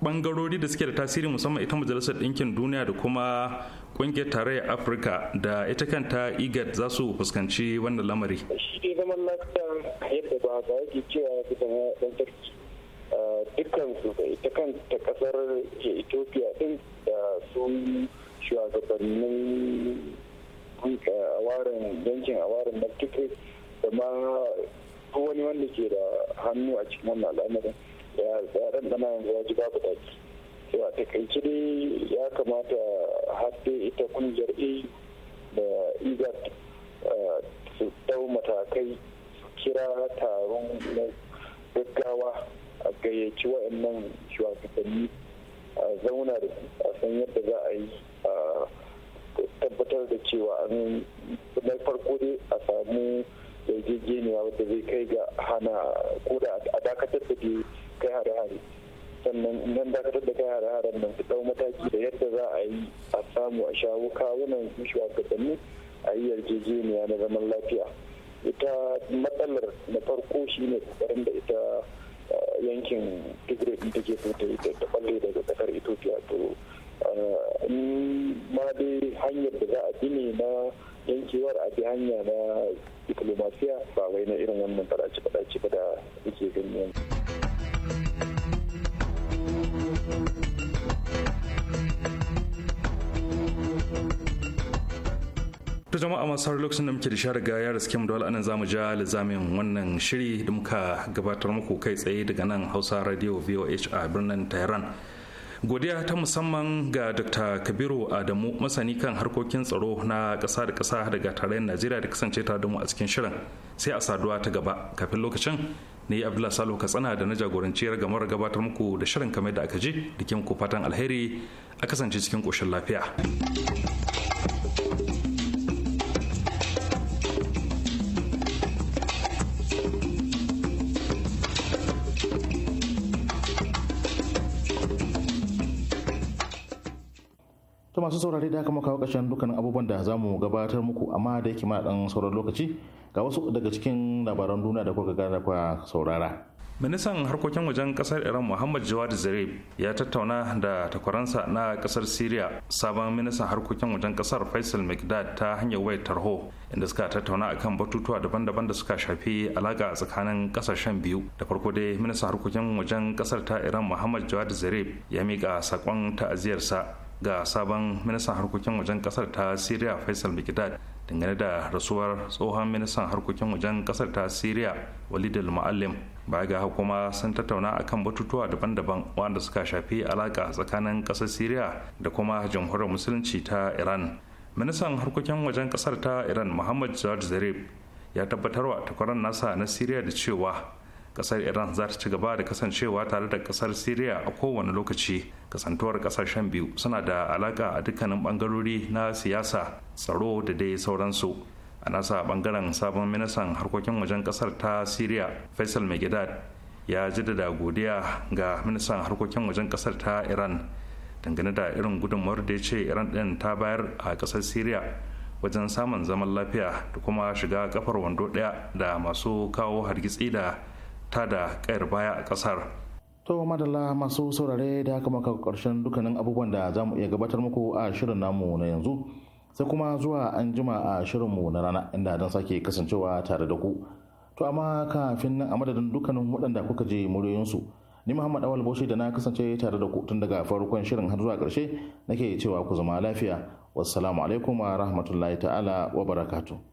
bangarori da suke da tasiri musamman ita majalisar ɗinkin duniya da kuma ƙungiyar tarayyar afirka da ita kanta igat za su fuskanci wannan lamari shi dai zaman lafiya yadda ba cewa da ɗan ah, dukkan su da ita ta kasar ethiopia din da sun shugabannin warin yankin a warin da ma ko wani wanda ke da hannu a cikin wannan al'amarin ya ɗanɗana yanzu ya ji babu daɗi to a takaice dai ya kamata hadde ita kungiyar a da igat eh, su dau matakai su kira taron gaggawa a gayyaci wa'annan shugabanni a zauna da a san yadda za a yi a tabbatar da cewa an na farko dai a samu yarjejeniya wadda zai kai ga hana a dakatar da kai hare-hare sannan nan dakatar da kai hare-haren nan su dau mataki da yadda za a yi a samu a shawo kawunan su shugabanni a yi yarjejeniya na zaman lafiya ita matsalar na farko shine kokarin da ita eh, yankin tigre ita ke so ita ta balle daga kasar ethiopia to Eh, ma dai hanyar da za a bi ne na yankewar a bi hanya na diplomasiya ba wai na irin wannan fadace-fadace ba da ake gani yanzu. ta jama'a masu har lokacin da muke da share ga yara skim dole anan zamu ja lizamin wannan shiri da muka gabatar muku kai tsaye daga nan hausa radio voh a birnin tehran godiya ta musamman ga dr kabiru adamu masani kan harkokin tsaro na ƙasa da kasa daga tarayyar najeriya da kasance tare da mu a cikin shirin sai a saduwa ta gaba kafin lokacin ne abdullahi salo katsina da na jagoranciyar gamar gabatar muku da shirin kamar da aka je da ke muku fatan alheri a kasance cikin koshin lafiya masu saurari da haka kawo ƙarshen dukkanin abubuwan da za mu gabatar muku amma da yake ma ɗan sauran lokaci ga wasu daga cikin labaran duniya da kuka gada kwa saurara. ministan harkokin wajen kasar iran muhammad jawad zarif ya tattauna da takwaransa na kasar syria sabon ministan harkokin wajen kasar faisal mcdad ta hanyar wayar tarho inda suka tattauna akan batutuwa daban-daban da suka shafi alaka tsakanin kasashen biyu da farko dai ministan harkokin wajen kasar ta iran muhammad jawad zarif ya miƙa saƙon ta'aziyarsa ga sabon ministan harkokin wajen kasar ta syria faisal mikdad dangane da rasuwar tsohon ministan harkokin wajen kasar ta syria walid al-muallim baya ga kuma sun tattauna akan batutuwa daban-daban wanda suka shafi alaka tsakanin kasar syria da kuma jamhuriyar musulunci ta iran ministan harkokin wajen kasar ta iran muhammad zarif ya tabbatarwa takwaran nasa na syria da cewa kasar iran za ta ci gaba da kasancewa tare da kasar syria a kowane lokaci kasantuwar kasashen biyu suna da alaka a dukkanin bangarori na siyasa tsaro da dai sauransu a nasa bangaren sabon ministan harkokin wajen kasar ta syria faisal megidad ya jaddada godiya ga ministan harkokin wajen kasar ta iran dangane da irin gudunmawar da ya ce iran din ta bayar a kasar syria wajen samun zaman lafiya da kuma shiga kafar wando daya da masu kawo hargitsi da ta da kayar baya a kasar to madalla masu saurare da haka maka karshen dukkanin abubuwan da za mu iya gabatar muku a shirin namu na yanzu sai kuma zuwa an jima a shirinmu na rana inda don sake kasancewa tare da ku to amma kafin nan a madadin dukkanin waɗanda kuka je muryoyinsu ni muhammad awal Boshi da na kasance tare da ku tun daga farkon shirin har zuwa ƙarshe nake cewa ku zama lafiya wassalamu alaikum wa rahmatullahi ta'ala wa barakatuh